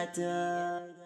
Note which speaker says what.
Speaker 1: I done?